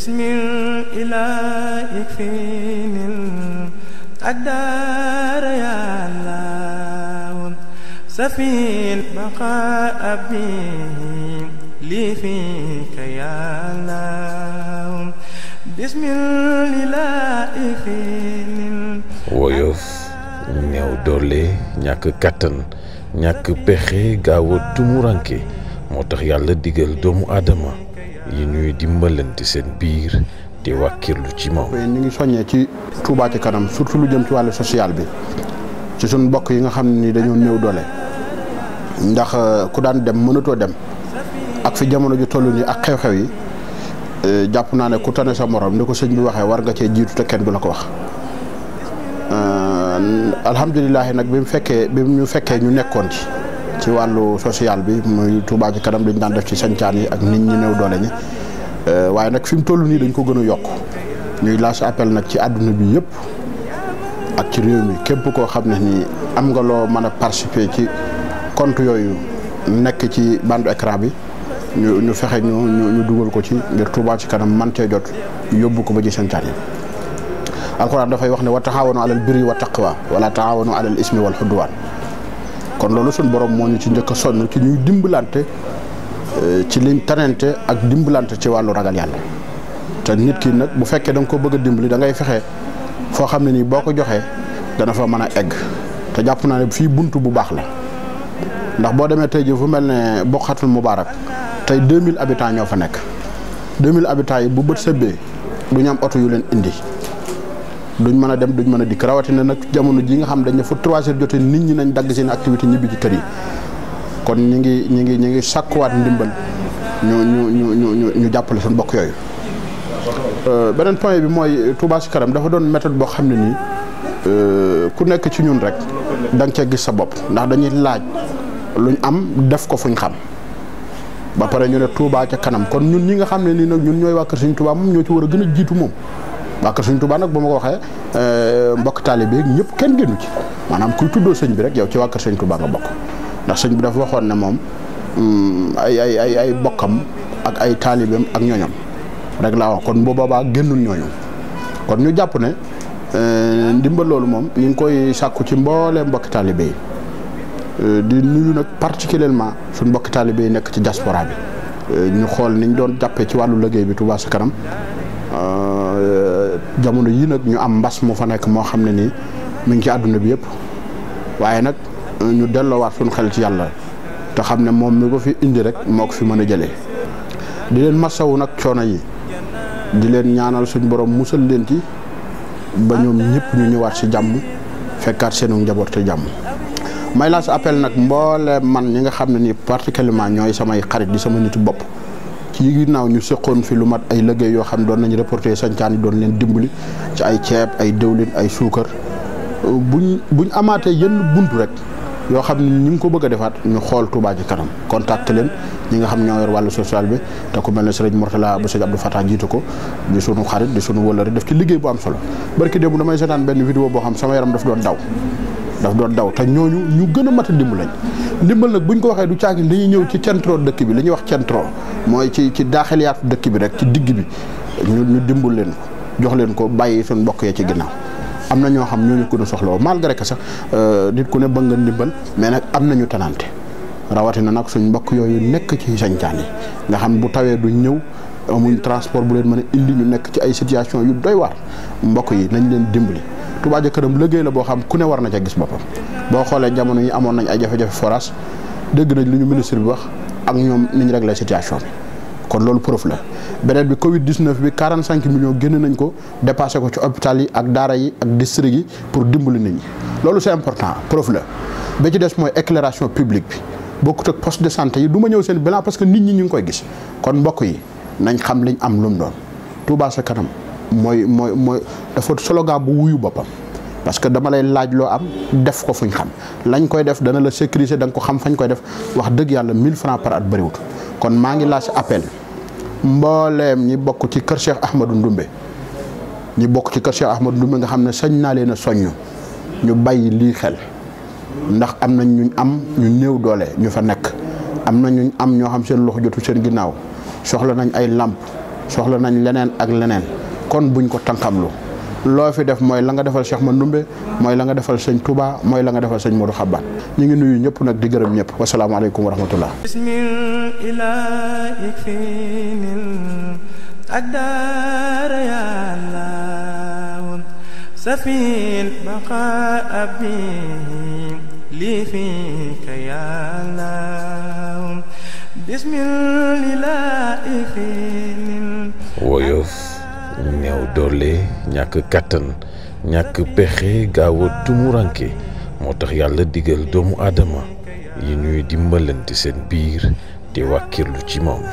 بسم الإله يكفيني القدر يا الله سفين بقاء به لي فيك يا الله بسم الإله يكفيني woyof néew doole ñàkk kàttan ñàkk pexe gaaw a tumuranke moo tax yàlla digal doomu aadama yi ñuy dimbalante seen biir te wàkkirlu ci moom. ñu ngi soññee ci Touba ci kanam surtout lu jëm ci wàllu social bi ci suñu mbokk yi nga xam ni dañoo néew doole ndax euh, ku daan dem mënatoo dem ak fi jamono ju toll nii ak xew-xew yi euh, jàpp naa ne ku tane sa morom ni ko sëñ bi waxee war nga cee jiitu te kenn du la ko wax. Euh, alhamdulilah nag bi mu fekkee bi mu ñu fekkee ñu nekkoon ci. ci wàllu sociale bi muy Touba ci kanam dañ daan def ci sancaan yi ak nit ñi new doole ñi euh, waaye nag fi mu toll nii dañ ko gën a yokk ñuy lâche appel nag ci àdduna bi yëpp ak ci réew mi képp koo xam ne nii am nga loo mën a participer ci compte yooyu nekk ci bandu écran bi ñu fexe ñu ñu dugal ko ci ngir Touba ci kanam man cee jot yóbbu ko ba ci sancaan yi alxuraan dafay wax ne wa taxaawanu alal birri wa taqwa wala taxaawanu alal ismi wal xudduwaan kon loolu suñu borom moo ñu ci njëkk a sonn ci ñuy dimbalante euh, ci liñ tanante ak dimbalante ci wàllu ragal yàlla te nit ki nag bu fekkee danga nga ko bëgg a dimbali da ngay fexe foo xam ne nii boo ko joxee dana fa mën a egg te jàpp naa ne fii bunt bu baax la ndax boo demee tey jii fu mel ne Bokhatul Moubarak tey 2000 habitants ñoo fa nekk 2000 habitants yi bu bët sëbbee du ñu am oto yu leen indi. duñ mën a dem duñ mën a dikk rawatina nag jamono ji nga xam dañ ne fu 3 jotee nit ñi nañ dagg seen activité bi ci kër yi kon ñi ngi ñi ngi ñi ngi sàkkuwaat ndimbal ñu ñu ñu ñu ñu jàppale seen mbokk yooyu. Euh, beneen point bi mooy Touba ci kanam dafa doon méthode boo xam ne nii euh, ku nekk ci ñun rek da nga cee gis sa bopp ndax dañuy laaj luñ am def ko fuñ xam. ba pare ñu ne Touba ca kanam kon ñun ñi nga xam ne nii nag ñun ñooy waa kër Sëriñ Touba moom ñoo ci war a gën jiitu moom. waa kër sëñ Touba nag bu ma ko waxee euh, mbokk taalibe bi ñëpp kenn génnu ci maanaam kuy tuddoo sëñ bi rek yow ci waa kër sëñ Touba nga bokk ndax sëñ bi dafa waxoon ne moom mm, ay ay ay ak ay taalibeem ak ñooñam rek laa wax kon boobaa génnul ñooñu kon ñu jàpp ne euh, ndimbal loolu moom ñu koy sàkku ci mboolee mbokki taalibe yi euh, di nuyu nag particulièrement suñ mbokk taalibe yi nekk ci jasporaa bi ñu xool niñ doon jàppee ci wàllu liggéey bi Touba ca kanam jamono yii nag ñu am mbas mu fa nekk moo xam ne nii mu ngi ci àdduna bi yëpp waaye nag euh, ñu delloowaat suñu xel ci yàlla te xam ne moom mi ko fi indi rek moo ko fi mën a jëlee di leen masawu nag coono yi di leen ñaanal suñ borom musal leen ci ba ñoom ñëpp ñu ñëwaat si jàmm fekkaat seenu njaboot te jàmm may lance appel nag mboole man ñi nga xam ne nii particulièrement ñooy samay xarit di sama nitu bopp ci naaw ñu seqoon fi lu mat ay liggéey yoo xam doon nañ reporté sancaan yi doon leen dimbali ci ay ceeb ay dëwlin ay suukar buñ buñ amaatee yenn bunt rek yoo xam ne ñu ngi ko bëgg defaat ñu xool Touba ci kanam contacté leen ñu nga xam ñoo yor wàllu social bi te ku mel ne sëriñ Mourtala ba sëriñ Abdou Fatah jiitu ko di sunu xarit di sunu wëllëri def ci liggéey bu am solo barki bu damay seetaan benn vidéo boo xam sama yaram daf doon daw daf doon daw te ñooñu ñu gën a mat a dimbal dimbal nag buñ ko waxee du caagin dañuy ñëw ci centre dëkk bi li ñuy wax centre mooy ci ci daaxaliyaatu dëkk bi rek ci digg bi ñu ñu dimbul leen jox leen ko bàyyi suñ mbokk yee ci ginnaaw am na ñoo xam ñoo ñu gën a soxla malgré que sax euh, nit ku ne bëgg nga ndimbal mais nag am nañu tanante rawatina nag suñ mbokk yooyu nekk ci sañcaan yi nga xam bu tawee du ñëw amuñ transport bu leen mën a indi ñu nekk ci ay situation yu doy waar mbokk yi nañ leen dimbali. Touba Ca Kanam liggéey la boo xam ku ne war na ca gis boppam boo xoolee jamono yi amoon nañ ay jafe forage dégg nañ lu ñu ministre bi wax. ak ñoom ni ñu réglé situation bi kon loolu preuve la beneen bi Covid 19 bi cinq millions génn nañ ko dépassé ko ci hôpital yi ak daara yi ak district yi pour dimbali nit ñi loolu c'est important preuve la ba ci des mooy éclairation publique bi bokkut ak poste de santé yi du ñëw seen bilan parce que nit ñi ñu ngi koy gis kon mbokk yi nañ xam liñ am lum mu doon Touba sa kanam mooy mooy mooy dafa sologaam bu wuyu boppam. parce que dama lay laaj loo am def ko fuñ xam lañ koy def dana la sécuriser da nga ko xam fañ koy def wax dëgg yàlla 1000 francs par at bëriwut kon maa ngi laaj appel mbooleem ñi bokk ci kër Cheikh Ahmadou Ndoumbe bokk ci kër Cheikh Ahmadou Ndoumbe nga xam ne sañ naa leen a soññ ñu bay lii xel ndax am na ñu am ñu néew doole ñu fa nekk am na ñu am ñoo xam seen loxo jotu seen ginnaaw soxla nañ ay làmp soxla nañ leneen ak leneen kon buñ ko tànqamlu loo fi def mooy la nga defal ma Mandoumbe mooy la nga defal sëñ Touba mooy la nga defal sëñ Modou Xaban ñu ngi nuyu ñëpp nag di gërëm ñëpp wasalaamaaleykum wa rahmatullah الأقدار يا الله سفي البقاء به لي فيك يا الله بسم الله في ويف néew doole ñàkk kàttan ñàkk pexe gaaw a moo tax yàlla digal doomu aadama yi ñuy dimbalante seen biir te wàkkirlu ci moom